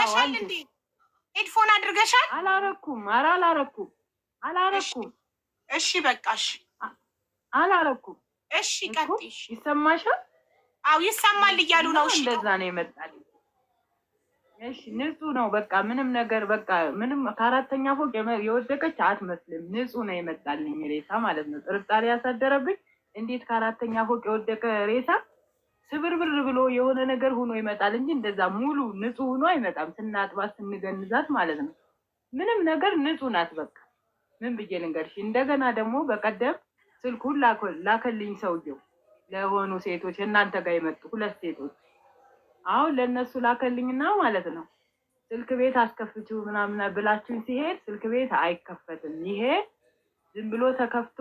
አድርገሻል እንዴ? ሄድፎን አድርገሻል? አላረኩም። ኧረ አላረኩም፣ አላረኩም። እሺ በቃሽ፣ አላረኩም። እሺ ቀጥይ። ይሰማሻል? አዎ ይሰማል እያሉ ነው። እሺ እንደዛ ነው የመጣልኝ። እሺ ንጹህ ነው። በቃ ምንም ነገር በቃ ምንም ከአራተኛ ፎቅ የወደቀች አትመስልም። ንጹህ ነው የመጣልኝ ሬሳ ማለት ነው። ጥርጣሬ ያሳደረብኝ እንዴት ከአራተኛ ፎቅ የወደቀ ሬሳ ስብርብር ብሎ የሆነ ነገር ሆኖ ይመጣል እንጂ እንደዛ ሙሉ ንጹህ ሆኖ አይመጣም። ስናጥባት ስንገንዛት ማለት ነው። ምንም ነገር ንጹህ ናት። በቃ ምን ብዬ ልንገርሽ። እንደገና ደግሞ በቀደም ስልኩን ላከልኝ ሰውየው ለሆኑ ሴቶች እናንተ ጋር የመጡ ሁለት ሴቶች አሁን ለእነሱ ላከልኝና ማለት ነው ስልክ ቤት አስከፍችው ምናምን ብላችሁኝ ሲሄድ ስልክ ቤት አይከፈትም። ይሄ ዝም ብሎ ተከፍቶ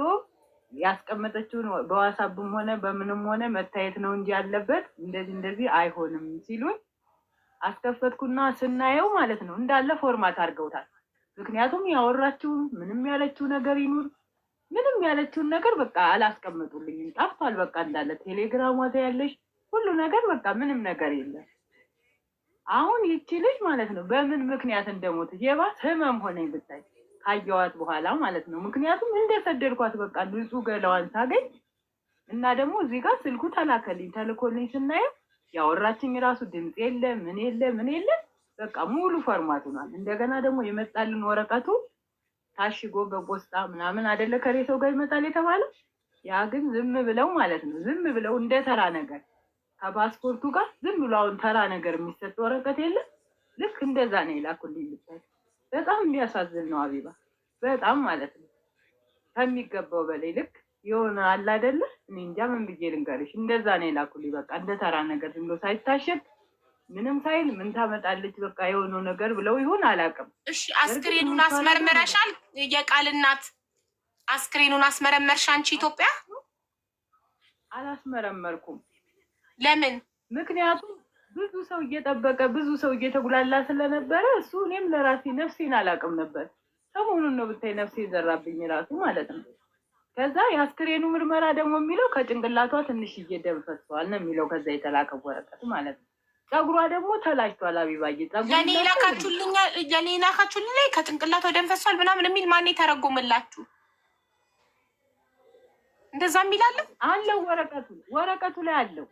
ያስቀመጠችውን በዋሳብም ሆነ በምንም ሆነ መታየት ነው እንጂ ያለበት እንደዚህ እንደዚህ አይሆንም ሲሉኝ አስከፈትኩና ስናየው ማለት ነው እንዳለ ፎርማት አድርገውታል። ምክንያቱም ያወራችው ምንም ያለችው ነገር ይኑር ምንም ያለችውን ነገር በቃ አላስቀመጡልኝም። ጠፍቷል በቃ እንዳለ ቴሌግራሟ ያለች ሁሉ ነገር በቃ ምንም ነገር የለም። አሁን ይቺ ልጅ ማለት ነው በምን ምክንያት እንደሞተች የባስ ህመም ሆነኝ ብታይ ካየዋት በኋላ ማለት ነው። ምክንያቱም እንደሰደድኳት በቃ ንጹህ ገላዋን ሳገኝ እና ደግሞ እዚህ ጋር ስልኩ ተላከልኝ። ተልኮልኝ ስናየው ያወራችኝ ራሱ ድምፅ የለ ምን የለ ምን የለ በቃ ሙሉ ፈርማት ሆኗል። እንደገና ደግሞ የመጣልን ወረቀቱ ታሽጎ በፖስጣ ምናምን አደለ ከሬሰው ጋር ይመጣል የተባለ ያ ግን ዝም ብለው ማለት ነው ዝም ብለው እንደ ተራ ነገር ከፓስፖርቱ ጋር ዝም ብሎ አሁን ተራ ነገር የሚሰጥ ወረቀት የለም። ልክ እንደዛ ነው የላኩልኝ ልበት በጣም የሚያሳዝን ነው አቢባ፣ በጣም ማለት ነው ከሚገባው በላይ ልክ የሆነ አለ አይደለ? እኔ እንጃ ምን ብዬ ልንገርሽ። እንደዛ ነው የላኩልኝ። በቃ እንደ ተራ ነገር ዝም ብሎ ሳይታሸግ ምንም ሳይል ምን ታመጣለች በቃ የሆነው ነገር ብለው ይሆን አላውቅም። እሺ አስክሬኑን አስመርመረሻል? የቃል እናት አስክሬኑን አስመረመርሽ አንቺ ኢትዮጵያ? አላስመረመርኩም። ለምን? ምክንያቱም ብዙ ሰው እየጠበቀ ብዙ ሰው እየተጉላላ ስለነበረ እሱ እኔም ለራሴ ነፍሴን አላውቅም ነበር። ሰሞኑን ነው ብታይ ነፍሴ ዘራብኝ ራሱ ማለት ነው። ከዛ የአስክሬኑ ምርመራ ደግሞ የሚለው ከጭንቅላቷ ትንሽ ደም ፈሷል ነው የሚለው ከዛ የተላከ ወረቀት ማለት ነው። ጸጉሯ ደግሞ ተላጭቷል። አቢባዬ ለእኔ ላካችሁልኝ ላይ ከጭንቅላቷ ደም ፈሷል ምናምን የሚል ማን የተረጎመላችሁ? እንደዛ የሚላለን አለው ወረቀቱ ወረቀቱ ላይ አለው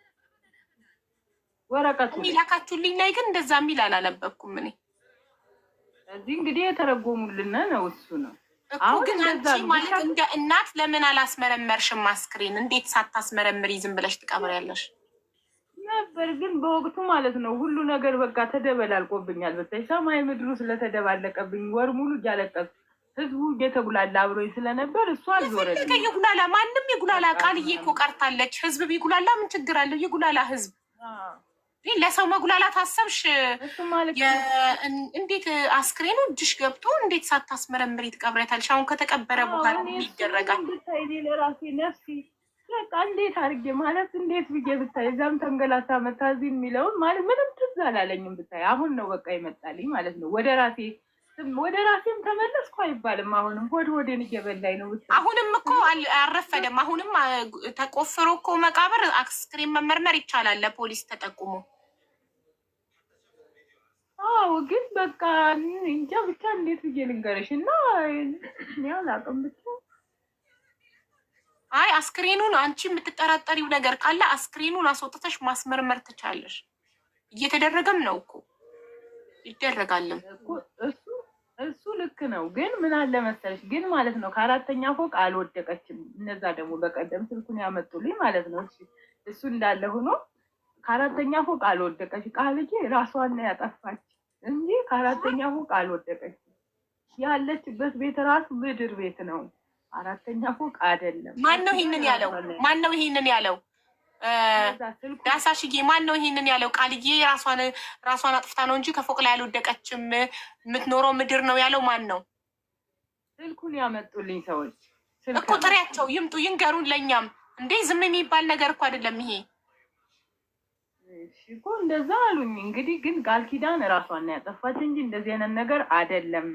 ወረቀቱ ላካችሁልኝ ላይ ግን እንደዛ የሚል አላነበብኩም እኔ። እዚህ እንግዲህ የተረጎሙልን ነው እሱ ነው አሁን ግን አንቺ ማለት እንደ እናት ለምን አላስመረመርሽም? አስክሬን እንዴት ሳታስመረምሪ ዝም ብለሽ ትቀብሪያለሽ ነበር? ግን በወቅቱ ማለት ነው ሁሉ ነገር በቃ ተደበላልቆብኛል። በተለይ ሰማይ ምድሩ ስለተደባለቀብኝ ወር ሙሉ እያለቀስኩ ህዝቡ እየተጉላላ አብሮኝ ስለነበር እሱ አልዞረ የጉላላ ማንም የጉላላ ቃልዬ እኮ ቀርታለች። ህዝብ ቢጉላላ ምን ችግር አለው? የጉላላ ህዝብ ለሰው መጉላላት አሰብሽ? እንዴት አስክሬኑ እጅሽ ገብቶ እንዴት ሳታስመረምሪ ትቀብሪያታለሽ? አሁን ከተቀበረ በኋላ ይደረጋል። ለራሴ ነፍሲ በቃ እንዴት አድርጌ ማለት እንዴት ብዬ ብታይ እዛም ተንገላታ መታ እዚህ የሚለውን ማለት ምንም ትዝ አላለኝም ብታይ። አሁን ነው በቃ ይመጣልኝ ማለት ነው ወደ ራሴ ወደ ራሴም ተመለስኩ አይባልም። አሁንም ሆድ ሆዴን እየበላኝ ነው። አሁንም እኮ አልረፈደም። አሁንም ተቆፍሮ እኮ መቃብር አስክሬን መመርመር ይቻላል ለፖሊስ ተጠቁሞ። አዎ ግን በቃ እንጃ ብቻ እንዴት ብዬ ልንገርሽ እና አላውቅም ብቻ አይ አስክሬኑን አንቺ የምትጠራጠሪው ነገር ካለ አስክሬኑን አስወጥተሽ ማስመርመር ትቻለሽ። እየተደረገም ነው እኮ ይደረጋልም እሱ ልክ ነው። ግን ምን አለ መሰለሽ፣ ግን ማለት ነው ከአራተኛ ፎቅ አልወደቀችም። እነዛ ደግሞ በቀደም ስልኩን ያመጡልኝ ማለት ነው። እሱ እንዳለ ሆኖ ከአራተኛ ፎቅ አልወደቀች ቃልዬ ራሷን ነው ያጠፋች እንጂ ከአራተኛ ፎቅ አልወደቀች። ያለችበት ቤት ራሱ ምድር ቤት ነው፣ አራተኛ ፎቅ አይደለም። ማን ነው ይሄንን ያለው? ማን ነው ይሄንን ያለው? ዳሳሽዬ ማን ነው ይሄንን ያለው? ቃልዬ ራሷን ራሷን አጥፍታ ነው እንጂ ከፎቅ ላይ አልወደቀችም፣ የምትኖረው ምድር ነው ያለው ማን ነው? ስልኩን ያመጡልኝ ሰዎች እኮ ጥሪያቸው ይምጡ፣ ይንገሩን ለእኛም። እንዴ ዝም የሚባል ነገር እኮ አይደለም ይሄ እኮ። እንደዛ አሉኝ። እንግዲህ ግን ቃል ኪዳን ራሷን ያጠፋች እንጂ እንደዚህ አይነት ነገር አይደለም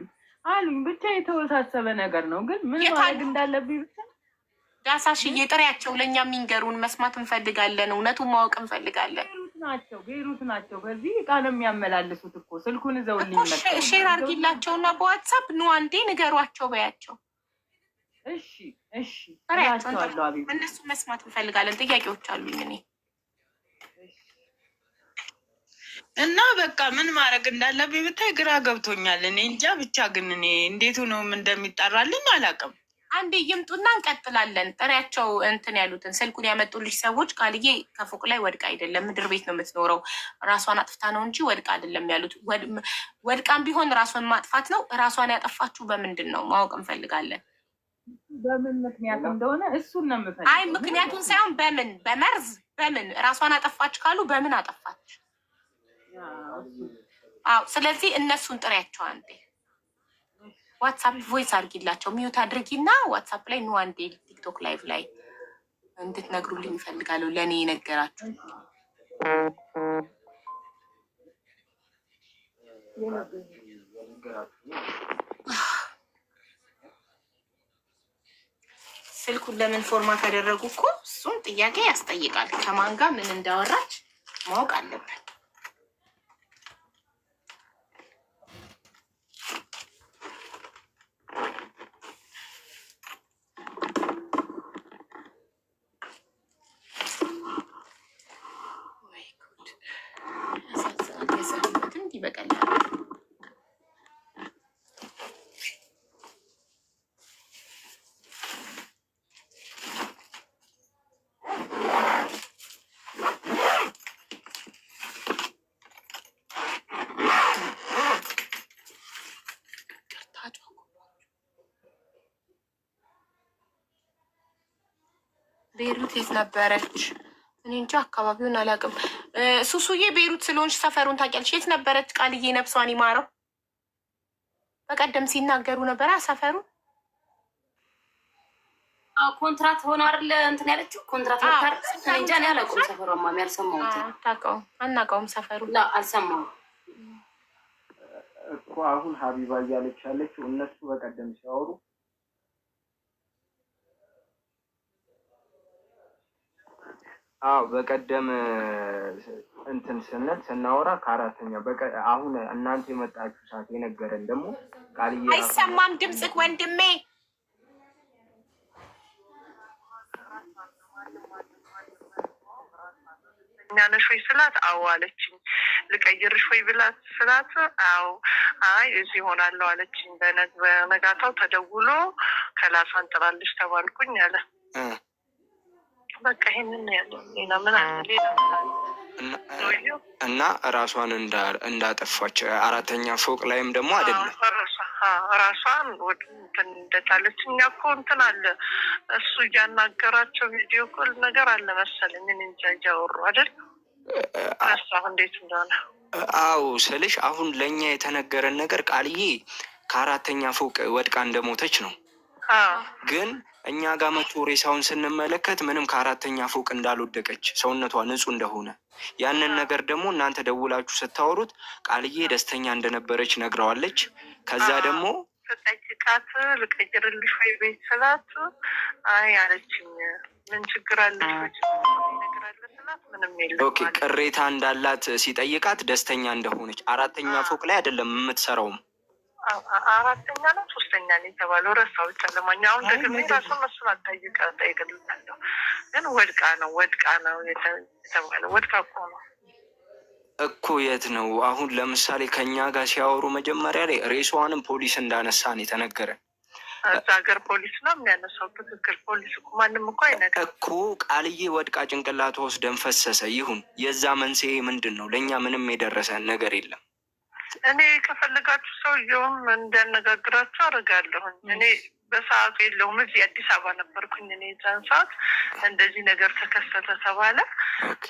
አሉኝ። ብቻ የተወሳሰበ ነገር ነው። ግን ምን ማድረግ እንዳለብኝ ብቻ ዳሳሽዬ ጥሪያቸው ለእኛ የሚንገሩን መስማት እንፈልጋለን። እውነቱን ማወቅ እንፈልጋለን። ናቸው ቤሩት ናቸው። በዚህ እቃ ነው የሚያመላልሱት እኮ ስልኩን እዘውልኝ ሼር አድርጊላቸውና በዋትሳፕ ኑ አንዴ ንገሯቸው በያቸው። እሺ እሺ፣ እነሱ መስማት እንፈልጋለን። ጥያቄዎች አሉኝ እኔ እና በቃ ምን ማድረግ እንዳለብኝ ብታይ ግራ ገብቶኛል። እኔ እንጃ ብቻ ግን እኔ እንዴቱ ነውም እንደሚጠራልኝ አላውቅም። አንድ ይምጡና እንቀጥላለን። ጥሪያቸው እንትን ያሉትን ስልኩን ያመጡልሽ ሰዎች ቃልዬ ከፎቅ ላይ ወድቃ አይደለም ምድር ቤት ነው የምትኖረው፣ ራሷን አጥፍታ ነው እንጂ ወድቃ አይደለም ያሉት። ወድቃም ቢሆን ራሷን ማጥፋት ነው። ራሷን ያጠፋችሁ በምንድን ነው ማወቅ እንፈልጋለን። በምን ምክንያት እንደሆነ እሱን ነው የምፈልገው። አይ ምክንያቱን ሳይሆን በምን በመርዝ በምን ራሷን አጠፋች ካሉ በምን አጠፋች? አዎ ስለዚህ እነሱን ጥሪያቸው አንዴ ዋትሳፕ ቮይስ አድርጊላቸው ሚዩት አድርጊና ዋትሳፕ ላይ ኑ አንዴ ቲክቶክ ላይቭ ላይ እንድትነግሩልኝ ይፈልጋለሁ። ለእኔ የነገራችሁ ስልኩን ለምን ፎርማት ያደረጉ እኮ እሱም ጥያቄ ያስጠይቃል። ከማን ጋር ምን እንዳወራች ማወቅ አለብን። ነበረች? እኔ እንጃ አካባቢውን አላውቅም። ሱሱዬ ቤሩት ስለሆንሽ ሰፈሩን ታውቂያለሽ? የት ነበረች? ቃልዬ ነፍሷን ይማረው። በቀደም ሲናገሩ ነበረ ሰፈሩ ኮንትራት ሆነ አይደለ? እንትን ያለችው ኮንትራት መታር እንጃ ነው ያለቁም። ሰፈሩ ማሚ አልሰማሁት። አናውቀውም። ሰፈሩ አልሰማሁም እኮ አሁን ሀቢባ እያለች ያለችው እነሱ በቀደም ሲያወሩ አዎ በቀደም እንትን ስንል ስናወራ ከአራተኛ አሁን እናንተ የመጣችሁ ሰዓት የነገረን ደግሞ ቃልዬ አይሰማም ድምፅህ ወንድሜ። እኛነሽ ወይ ስላት አዎ አለችኝ። ልቀይርሽ ወይ ብላት ስላት አዎ አይ እዚህ ይሆናለሁ አለችኝ። በነጋታው ተደውሎ ከላሳ ጥራልሽ ተባልኩኝ አለ እና ራሷን እንዳጠፋች አራተኛ ፎቅ ላይም ደግሞ አይደለም ራሷን እንደጣለች። እኛ እኮ እንትን አለ እሱ እያናገራቸው ቪዲዮ ኮል ነገር አለ መሰለኝ። ምን እንጃ እያወሩ አይደል እሱ እንዴት እንደሆነ አው ስልሽ አሁን ለእኛ የተነገረን ነገር ቃልዬ ከአራተኛ ፎቅ ወድቃ እንደሞተች ነው ግን እኛ ጋር መቶ ሬሳውን ስንመለከት ምንም ከአራተኛ ፎቅ እንዳልወደቀች ሰውነቷ ንጹህ እንደሆነ ያንን ነገር ደግሞ እናንተ ደውላችሁ ስታወሩት ቃልዬ ደስተኛ እንደነበረች ነግረዋለች። ከዛ ደግሞ ስጠይቃት ልቀይርልሽ ወይ ቤት ስላት አይ አለችኝ። ምን ችግር አለች? ኦኬ ቅሬታ እንዳላት ሲጠይቃት ደስተኛ እንደሆነች አራተኛ ፎቅ ላይ አይደለም የምትሰራውም አራተኛ ነው ይገኛል የተባለው ረሳው ጨለማኛ አሁን ደግሞ ራሱን እሱን አልጠይቀ ጠይቅልናለሁ። ግን ወድቃ ነው ወድቃ ነው የተባለ ወድቃ እኮ ነው እኮ የት ነው አሁን ለምሳሌ ከኛ ጋር ሲያወሩ መጀመሪያ ላይ ሬሷንም ፖሊስ እንዳነሳን የተነገረ እዛ ሀገር ፖሊስ ነው የሚያነሳው። ትክክል ፖሊስ እኮ ማንም እኮ አይነገር እኮ ቃልዬ ወድቃ ጭንቅላቷ ውስጥ ደም ፈሰሰ። ይሁን የዛ መንስኤ ምንድን ነው? ለእኛ ምንም የደረሰን ነገር የለም። እኔ ከፈለጋችሁ ሰውየውም እንዲያነጋግራችሁ አደርጋለሁ። እኔ በሰዓቱ የለውም እዚህ አዲስ አበባ ነበርኩኝ። እኔ ዛን ሰዓት እንደዚህ ነገር ተከሰተ ተባለ።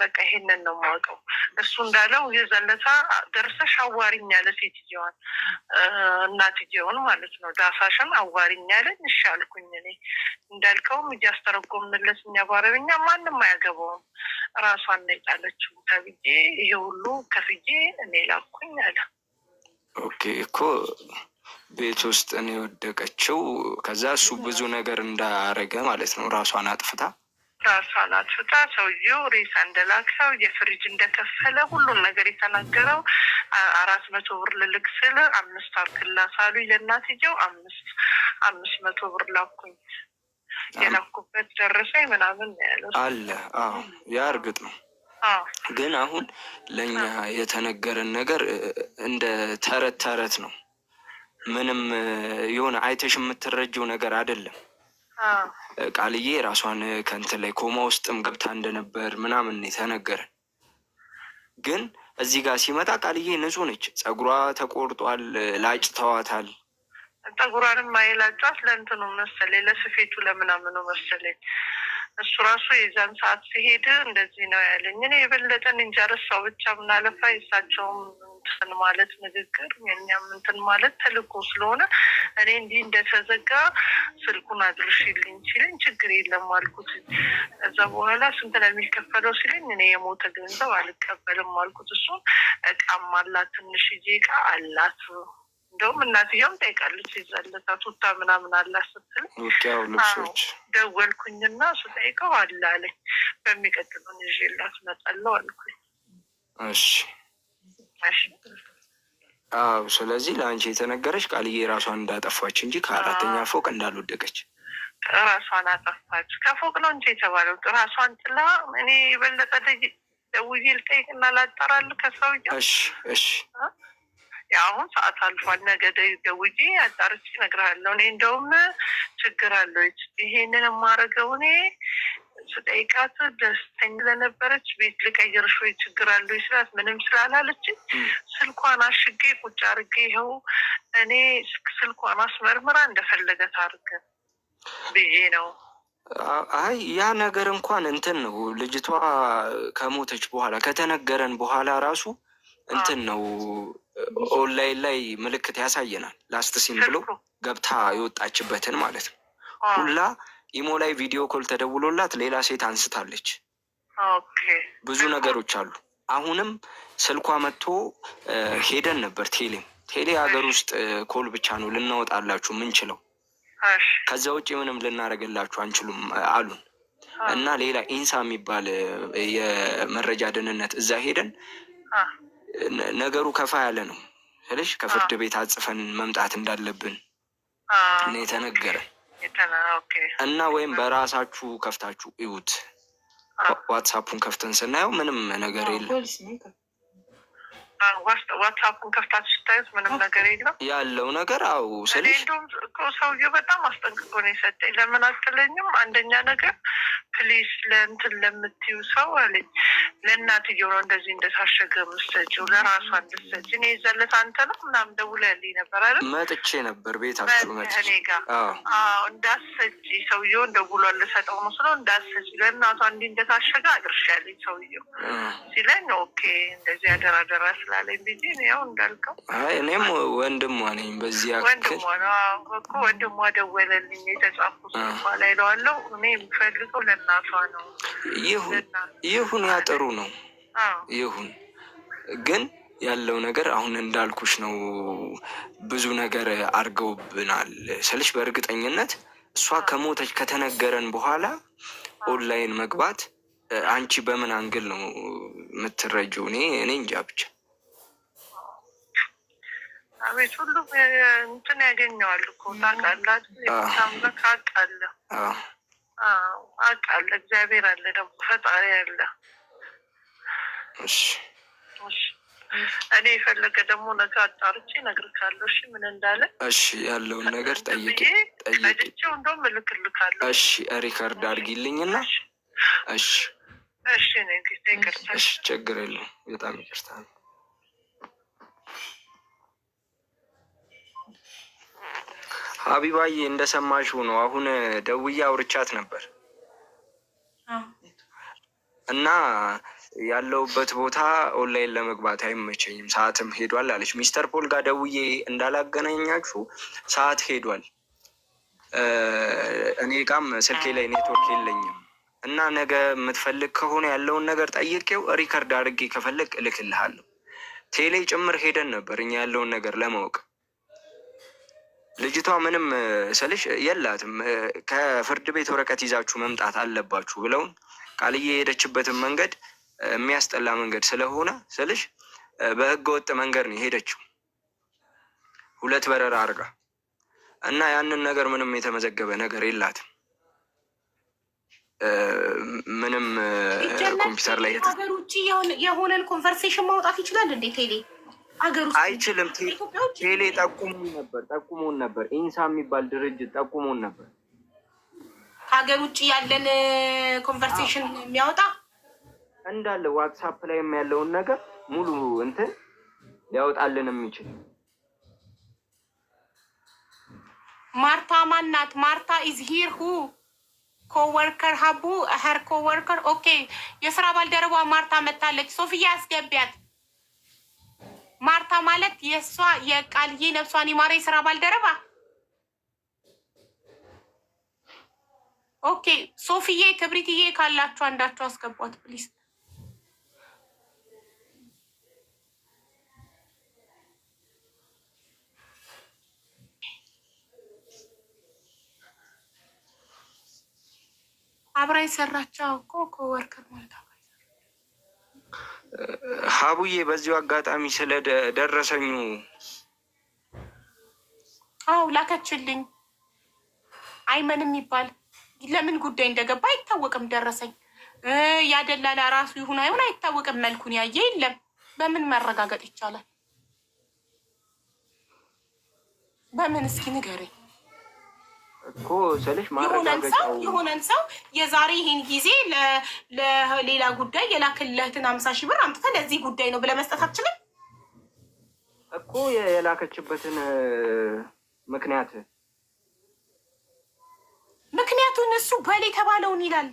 በቃ ይሄንን ነው የማውቀው። እሱ እንዳለው የዘለታ ደርሰሽ አዋሪኝ አለ ሴትየዋን፣ እናትየውን ማለት ነው። ዳሳሽን አዋሪኝ አለን። እሺ አልኩኝ እኔ እንዳልከውም እያስተረጎምንለት እኛ ባረብኛ ማንም አያገባውም ራሷን ነው የጣለችው ተብዬ ይሄ ሁሉ ከፍዬ እኔ ላኩኝ አለ ኦኬ እኮ ቤት ውስጥ ነው የወደቀችው። ከዛ እሱ ብዙ ነገር እንዳረገ ማለት ነው። ራሷን አጥፍታ ራሷን አጥፍታ ሰውየው ሬሳ እንደላከው የፍሪጅ እንደከፈለ ሁሉም ነገር የተናገረው አራት መቶ ብር ልልክ ስል አምስት አልክላት አሉኝ ለእናትየው አምስት አምስት መቶ ብር ላኩኝ የላኩበት ደረሰኝ ምናምን ያለው አለ። ያ እርግጥ ነው። ግን አሁን ለእኛ የተነገረን ነገር እንደ ተረት ተረት ነው። ምንም የሆነ አይተሽ የምትረጀው ነገር አይደለም። ቃልዬ ራሷን ከእንትን ላይ ኮማ ውስጥም ገብታ እንደነበር ምናምን የተነገረን ግን እዚህ ጋር ሲመጣ ቃልዬ ንጹህ ነች። ጸጉሯ ተቆርጧል፣ ላጭ ተዋታል። ጸጉሯንም አይላጫት ለእንትኑ መሰለኝ ለስፌቱ ለምናምኑ መሰለኝ እሱ ራሱ የዛን ሰዓት ሲሄድ እንደዚህ ነው ያለኝ። እኔ የበለጠን እንጃ ረሳው ብቻ ምናለፋ የሳቸውም እንትን ማለት ንግግር የኛም እንትን ማለት ተልእኮ ስለሆነ እኔ እንዲህ እንደተዘጋ ስልኩን አድርሽልኝ ሲለኝ ችግር የለም አልኩት። ከዛ በኋላ ስንት ነው የሚከፈለው ሲለኝ እኔ የሞተ ገንዘብ አልቀበልም አልኩት። እሱን እቃም አላት ትንሽዬ እቃ አላት እንደውም እናትየውም ጠይቃለች ይዛለታ ቱታ ምናምን አላ ስትል ውቅያው ልብሶች ደወልኩኝና እሱ ጠይቀው አለ አለኝ። በሚቀጥለውን ይዤላት እመጣለሁ አልኩኝ። እሺ አዎ። ስለዚህ ለአንቺ የተነገረች ቃልዬ ራሷን እንዳጠፋች እንጂ ከአራተኛ ፎቅ እንዳልወደቀች ራሷን አጠፋች። ከፎቅ ነው እንጂ የተባለው ራሷን ጥላ እኔ የበለጠ ደውዬ ልጠይቅና ላጠራል ከሰውዬው እሺ እሺ አሁን ሰዓት አልፏል። ነገ ደውዬ አጣርቼ እነግርሃለሁ። እኔ እንደውም ችግር አለች ይሄንን የማደርገው እኔ ስጠይቃት ደስተኛ ለነበረች ቤት ልቀይርሽ ወይ ችግር አለ ስላት ምንም ስላላለች ስልኳን አሽጌ ቁጭ አርጌ ይኸው እኔ ስልኳን አስመርምራ እንደፈለገ ታርግ ብዬ ነው። አይ ያ ነገር እንኳን እንትን ነው ልጅቷ ከሞተች በኋላ ከተነገረን በኋላ ራሱ እንትን ነው ኦንላይን ላይ ምልክት ያሳየናል። ላስት ሲም ብሎ ገብታ የወጣችበትን ማለት ነው። ሁላ ኢሞ ላይ ቪዲዮ ኮል ተደውሎላት ሌላ ሴት አንስታለች። ብዙ ነገሮች አሉ። አሁንም ስልኳ መጥቶ ሄደን ነበር። ቴሌም ቴሌ ሀገር ውስጥ ኮል ብቻ ነው ልናወጣላችሁ ምንችለው፣ ከዛ ውጭ ምንም ልናደርግላችሁ አንችሉም አሉን። እና ሌላ ኢንሳ የሚባል የመረጃ ደህንነት እዛ ሄደን ነገሩ ከፋ ያለ ነው ስለሽ ከፍርድ ቤት አጽፈን መምጣት እንዳለብን እና የተነገረ እና ወይም በራሳችሁ ከፍታችሁ እዩት። ዋትሳፑን ከፍተን ስናየው ምንም ነገር የለም። ዋትሳፑን ከፍታችሁ ስታዩት ምንም ነገር የለም ያለው ነገር። አው ስልሽ እንደውም እኮ ሰውዬው በጣም አስጠንቅቆ ነው የሰጠኝ። ለምን አትለኝም? አንደኛ ነገር ፕሊስ ለእንትን ለምትዩ ሰው አለኝ። ለእናትዬው ነው እንደዚህ እንደታሸገ የምትሰጪው፣ ለራሷ እንድትሰጪ። እኔ ይዘለት አንተ ነው ምናምን ደውለህልኝ ነበር አይደል? መጥቼ ነበር ቤታችሁ መጥቼ እኔ ጋር እንዳትሰጪ፣ ሰውዬው ደውሏል። ልሰጠው ነው ስለው እንዳትሰጪ፣ ለእናቷ እንዲህ እንደታሸገ አድርሻለኝ ሰውዬው ሲለኝ፣ ኦኬ እንደዚህ አደራደራል ስላለኝ ብዬ ያው እንዳልከው እኔም ወንድሟ ነኝ። በዚህ ወንድሟ እኮ ወንድሟ ደወለልኝ። የተጻፉ እኔ ለእናቷ ነው። ይሁን ያጠሩ ነው ይሁን ግን ያለው ነገር አሁን እንዳልኩሽ ነው። ብዙ ነገር አድርገውብናል ስልሽ በእርግጠኝነት እሷ ከሞተች ከተነገረን በኋላ ኦንላይን መግባት አንቺ በምን አንግል ነው የምትረጂው? እኔ እኔ እንጃ ብቻ አቤት ሁሉም እንትን ያገኘዋል እኮ ታውቃላችሁ። የታምለክ እግዚአብሔር አለ፣ ደግሞ ፈጣሪ አለ። እኔ የፈለገ ደግሞ ነገ አጣርቼ እነግርካለሁ። እሺ ምን እንዳለ እሺ። ያለውን ነገር ጠይቄ ጠይቄው እንደውም እልክልካለሁ። እሺ ሪከርድ አድርጊልኝና እሺ፣ እሺ፣ እሺ፣ ችግር የለም። በጣም ይቅርታ ነው። ሀቢባዬ እንደሰማሽው ነው። አሁን ደውዬ አውርቻት ነበር እና ያለውበት ቦታ ኦንላይን ለመግባት አይመቸኝም፣ ሰዓትም ሄዷል አለች። ሚስተር ፖል ጋር ደውዬ እንዳላገናኛችሁ ሰዓት ሄዷል፣ እኔ ጋም ስልኬ ላይ ኔትወርክ የለኝም እና ነገ የምትፈልግ ከሆነ ያለውን ነገር ጠይቄው ሪከርድ አድርጌ ከፈለግ እልክልሃለሁ። ቴሌ ጭምር ሄደን ነበር እኛ ያለውን ነገር ለማወቅ ልጅቷ ምንም ስልሽ የላትም ከፍርድ ቤት ወረቀት ይዛችሁ መምጣት አለባችሁ ብለውን ቃልዬ የሄደችበትን መንገድ የሚያስጠላ መንገድ ስለሆነ ስልሽ በህገ ወጥ መንገድ ነው የሄደችው ሁለት በረራ አድርጋ እና ያንን ነገር ምንም የተመዘገበ ነገር የላትም። ምንም ኮምፒውተር ላይ ሀገር ውጭ የሆነን ኮንቨርሴሽን ማውጣት ይችላል እንዴ ቴሌ አይችልም። ቴሌ ጠቁሙን ነበር ጠቁሙን ነበር። ኢንሳ የሚባል ድርጅት ጠቁሙን ነበር። ሀገር ውጭ ያለን ኮንቨርሴሽን የሚያወጣ እንዳለ ዋትሳፕ ላይ ያለውን ነገር ሙሉ እንትን ሊያወጣልን የሚችል ማርታ ማናት? ማርታ ኢዝ ሂር ሁ ኮወርከር ሀቡ ሀር ኮወርከር ኦኬ። የስራ ባልደረቧ ማርታ መታለች። ሶፊያ አስገቢያት። ማርታ ማለት የእሷ የቃልዬ ነፍሷን ይማረ የስራ ባልደረባ። ኦኬ ሶፊዬ፣ ክብሪትዬ ካላችሁ አንዳችሁ አስገቧት ፕሊስ። አብራ የሰራቸው እኮ ኮወርከር ማለት ነው። ሀቡዬ በዚሁ አጋጣሚ ስለደረሰኙ አው ላከችልኝ። አይመን የሚባል ለምን ጉዳይ እንደገባ አይታወቅም። ደረሰኝ ያደላላ ራሱ ይሁን አይሆን አይታወቅም። መልኩን ያየ የለም። በምን መረጋገጥ ይቻላል? በምን እስኪ ንገረኝ። እኮ ስልሽ የሆነን ሰው የዛሬ ይሄን ጊዜ ለሌላ ጉዳይ የላክለትን አምሳ ሺህ ብር አምጥተ ለዚህ ጉዳይ ነው ብለህ መስጠት አትችልም እኮ የላከችበትን ምክንያት ምክንያቱን እሱ በል የተባለውን ይላል።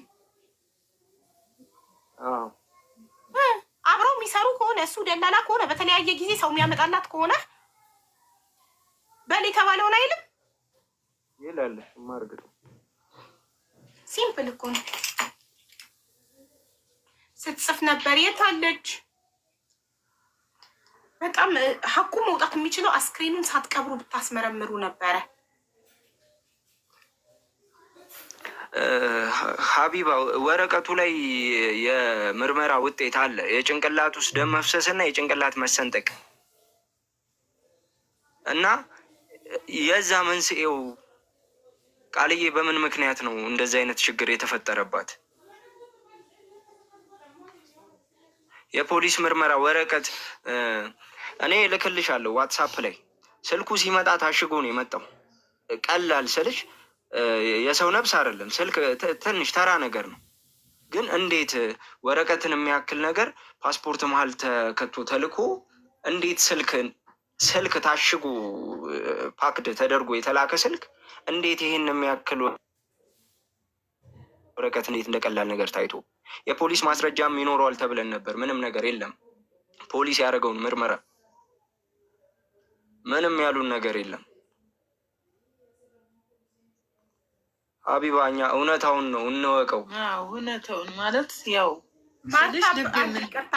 አብረው የሚሰሩ ከሆነ እሱ ደላላ ከሆነ በተለያየ ጊዜ ሰው የሚያመጣላት ከሆነ በል የተባለውን አይልም። ይላል። ማርግጥ ሲምፕል እኮ ስትጽፍ ነበር። የት አለች? በጣም ሀቁ መውጣት የሚችለው አስክሬኑን ሳትቀብሩ ብታስመረምሩ ነበረ። ሀቢባ ወረቀቱ ላይ የምርመራ ውጤት አለ። የጭንቅላት ውስጥ ደም መፍሰስ እና የጭንቅላት መሰንጠቅ እና የዛ መንስኤው ቃልዬ በምን ምክንያት ነው እንደዚህ አይነት ችግር የተፈጠረባት? የፖሊስ ምርመራ ወረቀት እኔ እልክልሻለሁ ዋትሳፕ ላይ። ስልኩ ሲመጣ ታሽጎ ነው የመጣው። ቀላል ስልሽ የሰው ነፍስ አይደለም፣ ስልክ ትንሽ ተራ ነገር ነው። ግን እንዴት ወረቀትን የሚያክል ነገር ፓስፖርት መሀል ተከቶ ተልኮ እንዴት ስልክን ስልክ ታሽጉ ፓክድ ተደርጎ የተላከ ስልክ እንዴት ይህን የሚያክል ወረቀት እንዴት እንደቀላል ነገር ታይቶ የፖሊስ ማስረጃም ይኖረዋል ተብለን ነበር። ምንም ነገር የለም። ፖሊስ ያደረገውን ምርመራ ምንም ያሉን ነገር የለም። ሀቢባ እኛ እውነታውን ነው እንወቀው። እውነታውን ማለት ያው ማርታ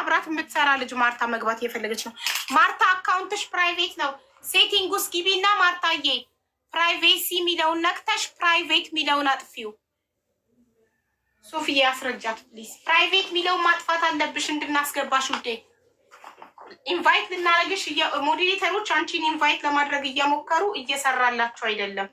አብራት የምትሰራ ልጅ ማርታ መግባት እየፈለገች ነው። ማርታ አካውንትሽ ፕራይቬት ነው። ሴቲንግ ውስጥ ግቢ እና ማርታዬ ፕራይቬሲ የሚለውን ነክተሽ ፕራይቬት የሚለውን አጥፊው። ሶፊዬ አስረጃት ፕሊዝ። ፕራይቬት የሚለውን ማጥፋት አለብሽ እንድናስገባሽ ውዴ። ኢንቫይት ልናደርግሽ ሞዴሬተሮች አንቺን ኢንቫይት ለማድረግ እየሞከሩ እየሰራላቸው አይደለም።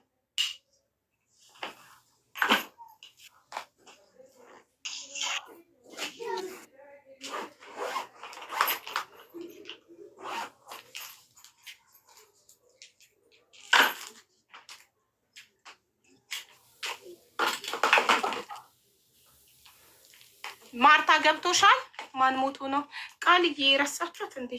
ማርታ ገብቶሻል? ማን ሞቶ ነው? ቃልዬ የረሳችሁት እንዴ?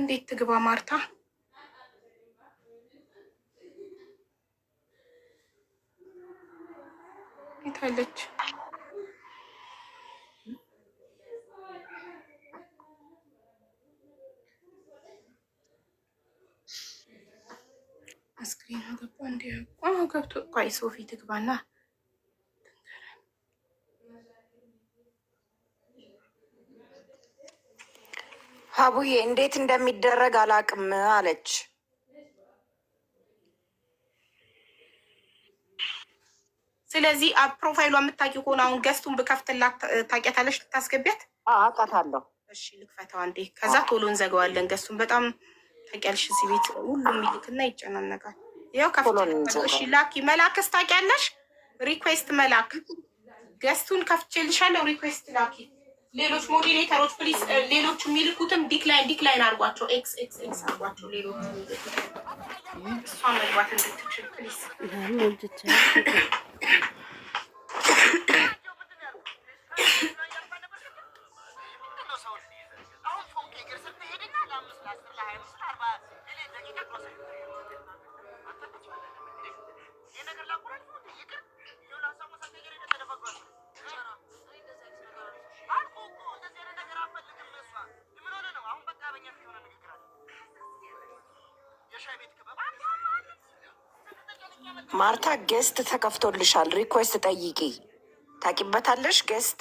እንዴት ትግባ ማርታ ትችላለች። አስክሬኑ ገባ እንዲ ቆሞ ገብቶ ቋይ ሶፊ ትግባና ሀቡዬ እንዴት እንደሚደረግ አላቅም አለች። ስለዚህ ፕሮፋይሏ የምታውቂው ከሆነ አሁን ገስቱን ብከፍትላት ታውቂያታለሽ? ልታስገቢያት አውቃታለሁ። እሺ ልክፈተው አንዴ፣ ከዛ ቶሎ እንዘገዋለን። ገስቱን በጣም ታውቂያለሽ፣ እዚህ ቤት ሁሉም ይልክና ይጨናነቃል። ያው ከፍሽ ላኪ መላክስ ታውቂያለሽ፣ ሪኩዌስት መላክ ገስቱን ከፍቼልሻለሁ፣ ሪኩዌስት ላኪ። ሌሎች ሞዲሬተሮች ፕሊስ፣ ሌሎቹ የሚልኩትም ዲክላይን ዲክላይን አርጓቸው፣ ኤክስ ኤክስ ኤክስ አርጓቸው። ሌሎቹ እሷ መግባት እንድትችል ፕሊስ ገስት ተከፍቶልሻል፣ ሪኩዌስት ጠይቂ ታቂበታለሽ። ገስት